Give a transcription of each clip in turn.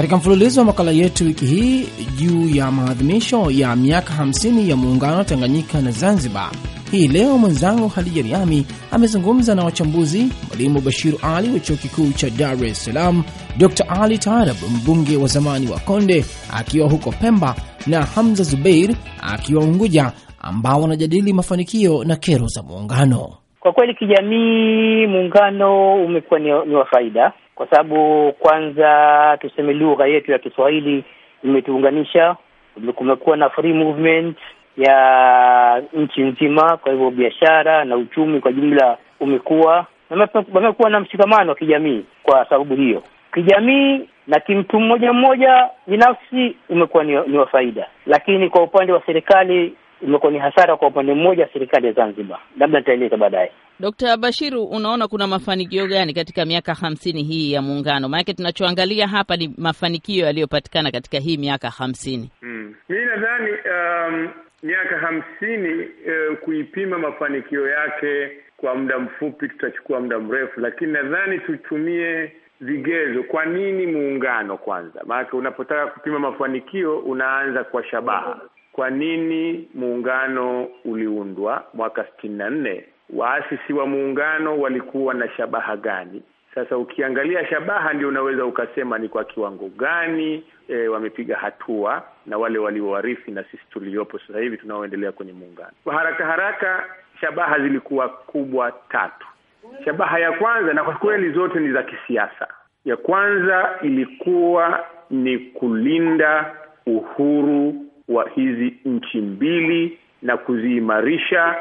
Katika mfululizo wa makala yetu wiki hii juu ya maadhimisho ya miaka 50 ya muungano wa Tanganyika na Zanzibar, hii leo mwenzangu Hadija Riami amezungumza na wachambuzi Mwalimu Bashiru Ali wa chuo kikuu cha Dar es Salaam, Dr Ali Taarab, mbunge wa zamani wa Konde akiwa huko Pemba, na Hamza Zubeir akiwa Unguja, ambao wanajadili mafanikio na kero za muungano. Kwa kweli kijamii, muungano umekuwa ni wa faida kwa sababu kwanza tuseme lugha yetu ya Kiswahili imetuunganisha. Kumekuwa na free movement ya nchi nzima, kwa hivyo biashara na uchumi kwa jumla umekuwa wamekuwa na mshikamano wa kijamii. Kwa sababu hiyo, kijamii na kimtu mmoja mmoja binafsi umekuwa ni, ni wa faida, lakini kwa upande wa serikali imekuwa ni hasara kwa upande mmoja serikali ya Zanzibar. Labda nitaeleza baadaye. Dkt. Bashiru, unaona kuna mafanikio gani katika miaka hamsini hii ya Muungano? Maanake tunachoangalia hapa ni mafanikio yaliyopatikana katika hii miaka hamsini. Hmm, mi nadhani um, miaka hamsini uh, kuipima mafanikio yake kwa muda mfupi tutachukua muda mrefu, lakini nadhani tutumie vigezo. Kwa nini muungano kwanza? Maanake unapotaka kupima mafanikio unaanza kwa shabaha kwa nini muungano uliundwa mwaka sitini na nne waasisi wa muungano walikuwa na shabaha gani sasa ukiangalia shabaha ndio unaweza ukasema ni kwa kiwango gani e, wamepiga hatua na wale waliowarithi na sisi tuliopo sasa hivi tunaoendelea kwenye muungano kwa haraka haraka shabaha zilikuwa kubwa tatu shabaha ya kwanza na kwa kweli zote ni za kisiasa ya kwanza ilikuwa ni kulinda uhuru wa hizi nchi mbili na kuziimarisha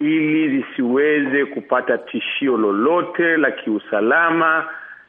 ili zisiweze kupata tishio lolote la kiusalama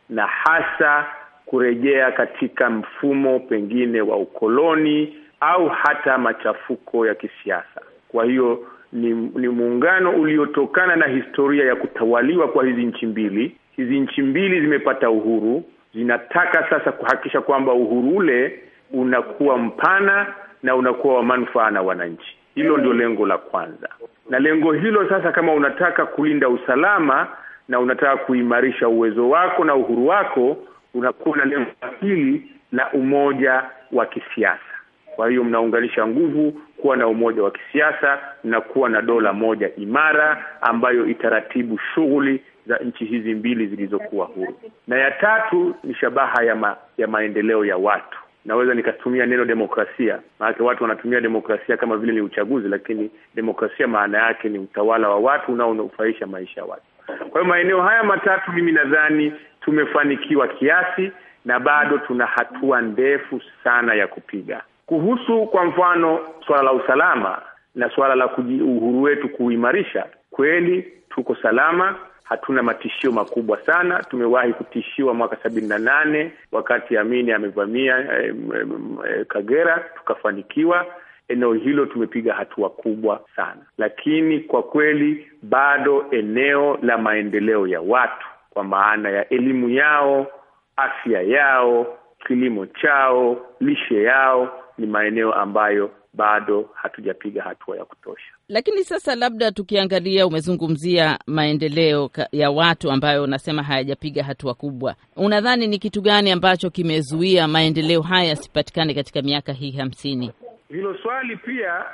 na hasa kurejea katika mfumo pengine wa ukoloni au hata machafuko ya kisiasa. Kwa hiyo ni, ni muungano uliotokana na historia ya kutawaliwa kwa hizi nchi mbili. Hizi nchi mbili zimepata uhuru, zinataka sasa kuhakikisha kwamba uhuru ule unakuwa mpana na unakuwa wa manufaa na wananchi. Hilo ndio lengo la kwanza, na lengo hilo sasa, kama unataka kulinda usalama na unataka kuimarisha uwezo wako na uhuru wako, unakuwa na lengo la pili la umoja wa kisiasa. Kwa hiyo mnaunganisha nguvu kuwa na umoja wa kisiasa na kuwa na dola moja imara ambayo itaratibu shughuli za nchi hizi mbili zilizokuwa huru. Na ya tatu ni shabaha ya, ma, ya maendeleo ya watu naweza nikatumia neno demokrasia, maanake watu wanatumia demokrasia kama vile ni uchaguzi, lakini demokrasia maana yake ni utawala wa watu unaonufaisha maisha ya watu. Kwa hiyo maeneo haya matatu mimi nadhani tumefanikiwa kiasi, na bado tuna hatua ndefu sana ya kupiga. Kuhusu kwa mfano suala la usalama na suala la uhuru wetu kuimarisha, kweli tuko salama hatuna matishio makubwa sana. Tumewahi kutishiwa mwaka sabini na nane wakati Amini amevamia eh, eh, Kagera, tukafanikiwa eneo hilo tumepiga hatua kubwa sana, lakini kwa kweli bado eneo la maendeleo ya watu kwa maana ya elimu yao, afya yao, kilimo chao, lishe yao ni maeneo ambayo bado hatujapiga hatua ya kutosha. Lakini sasa, labda tukiangalia, umezungumzia maendeleo ya watu ambayo unasema hayajapiga hatua kubwa. Unadhani ni kitu gani ambacho kimezuia maendeleo haya yasipatikane katika miaka hii hamsini? Hilo swali pia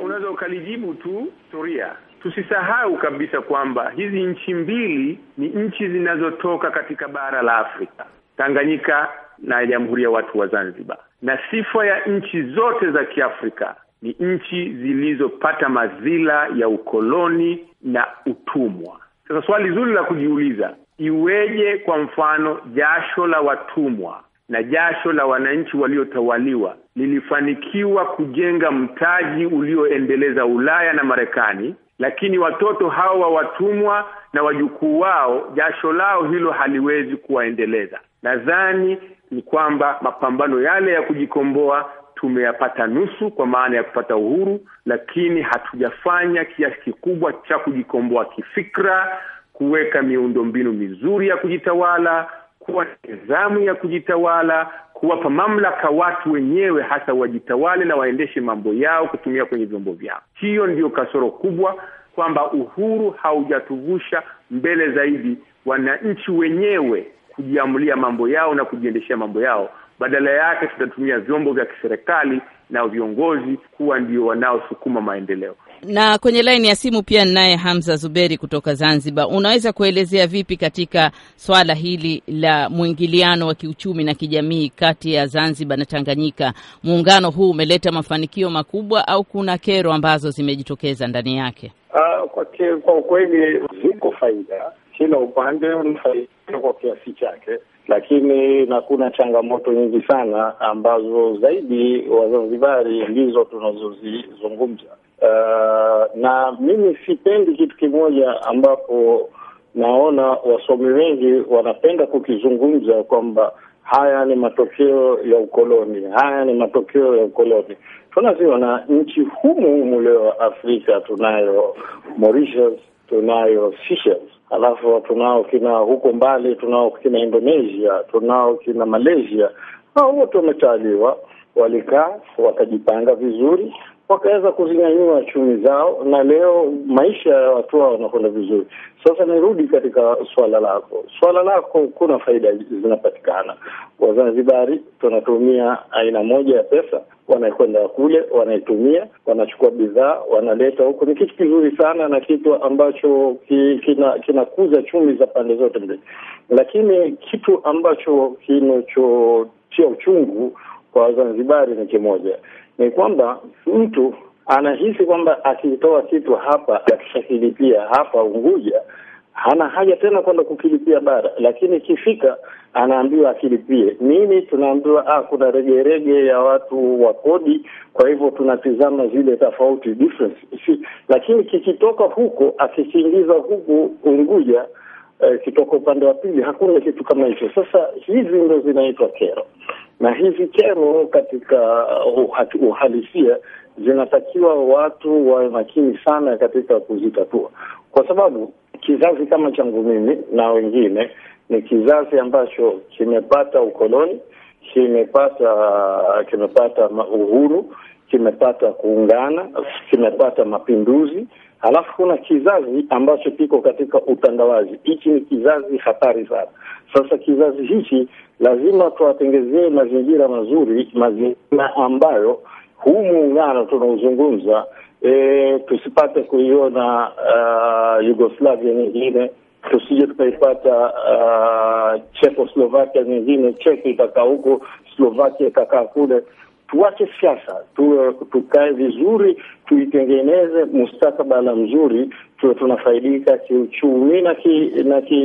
unaweza ukalijibu tu historia. Tusisahau kabisa kwamba hizi nchi mbili ni nchi zinazotoka katika bara la Afrika, Tanganyika na Jamhuri ya Watu wa Zanzibar, na sifa ya nchi zote za Kiafrika ni nchi zilizopata madhila ya ukoloni na utumwa. Sasa swali zuri la kujiuliza, iweje kwa mfano jasho la watumwa na jasho la wananchi waliotawaliwa lilifanikiwa kujenga mtaji ulioendeleza Ulaya na Marekani, lakini watoto hao wa watumwa na wajukuu wao, jasho lao hilo haliwezi kuwaendeleza. Nadhani ni kwamba mapambano yale ya kujikomboa tumeyapata nusu kwa maana ya kupata uhuru, lakini hatujafanya kiasi kikubwa cha kujikomboa kifikra, kuweka miundombinu mizuri ya kujitawala, kuwa na nidhamu ya kujitawala, kuwapa mamlaka watu wenyewe, hasa wajitawale na waendeshe mambo yao kutumia kwenye vyombo vyao. Hiyo ndiyo kasoro kubwa, kwamba uhuru haujatuvusha mbele zaidi, wananchi wenyewe kujiamulia mambo yao na kujiendeshea mambo yao badala yake tutatumia vyombo vya kiserikali na viongozi kuwa ndio wanaosukuma maendeleo. Na kwenye laini ya simu pia ninaye Hamza Zuberi kutoka Zanzibar. Unaweza kuelezea vipi katika swala hili la mwingiliano wa kiuchumi na kijamii kati ya Zanzibar na Tanganyika, muungano huu umeleta mafanikio makubwa au kuna kero ambazo zimejitokeza ndani yake? Uh, kwa, kwa ukweli ziko faida kila upande unafaidika kwa kiasi chake, lakini na kuna changamoto nyingi sana ambazo zaidi Wazanzibari ndizo tunazozizungumza. Uh, na mimi sipendi kitu kimoja ambapo naona wasomi wengi wanapenda kukizungumza kwamba haya ni matokeo ya ukoloni, haya ni matokeo ya ukoloni. Tunaziona nchi humu humu leo Afrika, tunayo Mauritius tunayo Seychelles, alafu tunao kina huko mbali, tunao kina Indonesia, tunao kina Malaysia. Hao wote wametaliwa, walikaa wakajipanga vizuri, wakaweza kuzinyanyua chumi zao, na leo maisha ya watu wao wanakwenda vizuri. Sasa nirudi katika swala lako, swala lako, kuna faida zinapatikana. Wazanzibari tunatumia aina moja ya pesa, wanakwenda kule, wanaitumia, wanachukua bidhaa, wanaleta huku. Ni kitu kizuri sana na kitu ambacho ki, kina, kinakuza chumi za pande zote mbili, lakini kitu ambacho kinachotia uchungu kwa Wazanzibari ni kimoja ni kwamba mtu anahisi kwamba akitoa kitu hapa akishakilipia hapa Unguja hana haja tena kwenda kukilipia bara, lakini ikifika anaambiwa akilipie nini? Tunaambiwa ah, kuna regerege ya watu wa kodi, kwa hivyo tunatizama zile tofauti difference si, lakini kikitoka huko akikiingiza huku Unguja eh, kitoka upande wa pili, hakuna kitu kama hicho. Sasa hizi ndo zinaitwa kero na hizi kero katika uhalisia zinatakiwa watu wawe makini sana katika kuzitatua, kwa sababu kizazi kama changu mimi na wengine ni kizazi ambacho kimepata ukoloni kimepata kimepata uhuru, kimepata kuungana, kimepata mapinduzi. Halafu kuna kizazi ambacho kiko katika utandawazi. Hichi ni kizazi hatari sana. Sasa kizazi hichi lazima tuwatengezee mazingira mazuri, mazingira ambayo huu muungano tunaozungumza, e, eh, tusipate kuiona uh, ah, Yugoslavia nyingine tusije tukaipata uh, Chekoslovakia nyingine Cheki ikakaa huko Slovakia ikakaa kule. Tuache siasa tu, tukae vizuri, tuitengeneze mustakabala mzuri, tuwe tunafaidika kiuchumi na ki, na, ki,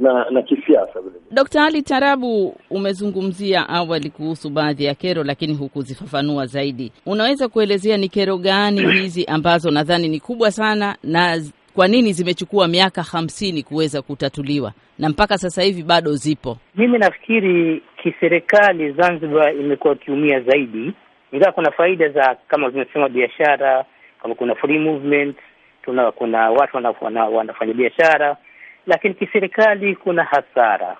na, na kisiasa. Dkt. Ali Tarabu, umezungumzia awali kuhusu baadhi ya kero, lakini hukuzifafanua zaidi. Unaweza kuelezea ni kero gani hizi ambazo nadhani ni kubwa sana na kwa nini zimechukua miaka hamsini kuweza kutatuliwa na mpaka sasa hivi bado zipo? Mimi nafikiri kiserikali, Zanzibar imekuwa ikiumia zaidi, ingawa kuna faida za kama zimesema biashara, kama kuna free movement, tuna kuna watu wanafanya, wanafanya biashara, lakini kiserikali kuna hasara.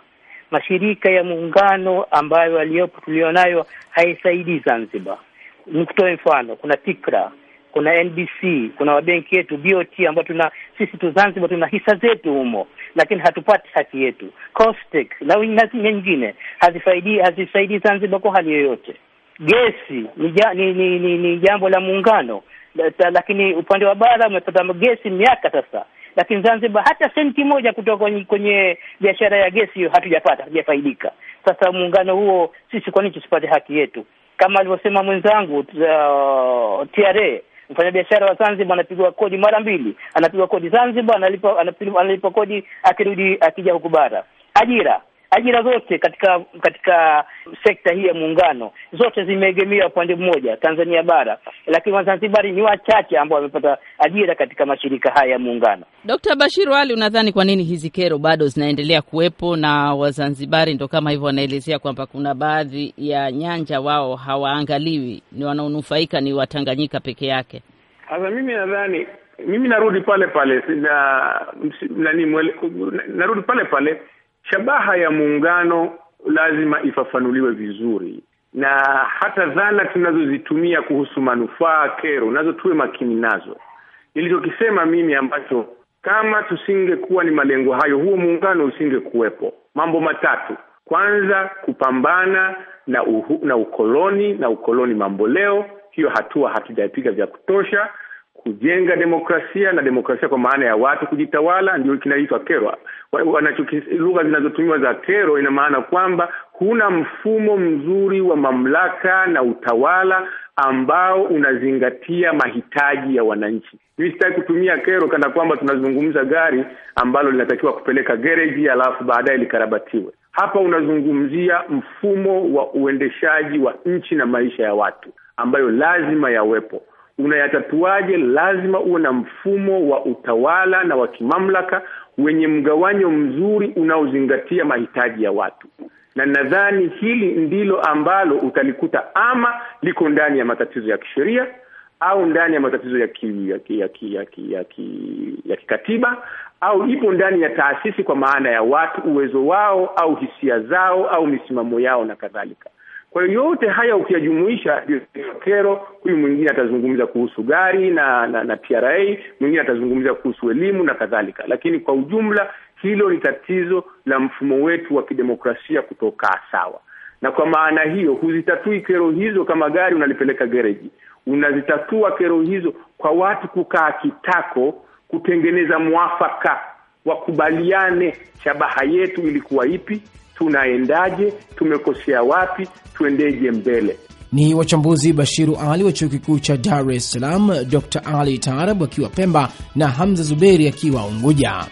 Mashirika ya muungano ambayo aliyopo tulionayo haisaidii Zanzibar. Nikutoe mfano, kuna TIKRA kuna NBC, kuna mabenki yetu BOT, ambayo tuna sisi tu Zanzibar tuna hisa zetu humo, lakini hatupati haki yetu. Caustic na nyingine hazifaidi hazisaidii Zanzibar kwa hali yoyote. Gesi ni, ni, ni, ni, ni jambo la muungano la, lakini upande wa bara umepata gesi miaka sasa, lakini Zanzibar hata senti moja kutoka kwenye, kwenye biashara ya gesi hiyo hatujapata, hatujafaidika. Sasa muungano huo sisi, kwa nini tusipate haki yetu? Kama alivyosema mwenzangu uh, TRA Mfanyabiashara wa Zanzibar anapigwa kodi mara mbili, anapigwa kodi Zanzibar, analipa kodi akirudi akija huku bara. Ajira ajira zote katika katika sekta hii ya muungano zote zimeegemea upande mmoja, Tanzania bara, lakini Wazanzibari ni wachache ambao wamepata ajira katika mashirika haya ya muungano. Dkt. Bashir Wali, unadhani kwa nini hizi kero bado zinaendelea kuwepo na Wazanzibari ndo kama hivyo wanaelezea kwamba kuna baadhi ya nyanja wao hawaangaliwi, ni wanaonufaika ni Watanganyika peke yake? Sasa mimi nadhani mimi narudi pale pale sina nani mwele, narudi pale pale Shabaha ya muungano lazima ifafanuliwe vizuri na hata dhana tunazozitumia kuhusu manufaa, kero, nazo tuwe makini nazo. Nilichokisema mimi ambacho kama tusingekuwa ni malengo hayo, huo muungano usingekuwepo. Mambo matatu: kwanza, kupambana na uhu, na ukoloni na ukoloni mambo leo, hiyo hatua hatujapiga vya kutosha kujenga demokrasia na demokrasia kwa maana ya watu kujitawala, ndio kinaitwa kero. Lugha zinazotumiwa za kero, ina maana kwamba huna mfumo mzuri wa mamlaka na utawala ambao unazingatia mahitaji ya wananchi. Mimi sitaki kutumia kero kana kwamba tunazungumza gari ambalo linatakiwa kupeleka gereji, alafu baadaye likarabatiwe. Hapa unazungumzia mfumo wa uendeshaji wa nchi na maisha ya watu ambayo lazima yawepo unayatatuaje? Lazima uwe na mfumo wa utawala na wa kimamlaka wenye mgawanyo mzuri unaozingatia mahitaji ya watu, na nadhani hili ndilo ambalo utalikuta ama liko ndani ya matatizo ya kisheria au ndani ya matatizo ya ki, ya ki, ya ki, ya ki, ya ki, ya kikatiba au ipo ndani ya taasisi, kwa maana ya watu, uwezo wao au hisia zao au misimamo yao na kadhalika. Kwa hiyo yote haya ukiyajumuisha, kero huyu mwingine atazungumza kuhusu gari na na, na TRA, mwingine atazungumza kuhusu elimu na kadhalika, lakini kwa ujumla hilo ni tatizo la mfumo wetu wa kidemokrasia kutokaa sawa, na kwa maana hiyo huzitatui kero hizo. Kama gari unalipeleka gereji, unazitatua kero hizo kwa watu kukaa kitako, kutengeneza mwafaka, wakubaliane shabaha yetu ilikuwa ipi, tunaendaje, tumekosea wapi, tuendeje mbele. Ni wachambuzi Bashiru Ali wa chuo kikuu cha Dar es Salaam, Dr Ali Taarab akiwa Pemba na Hamza Zuberi akiwa Unguja.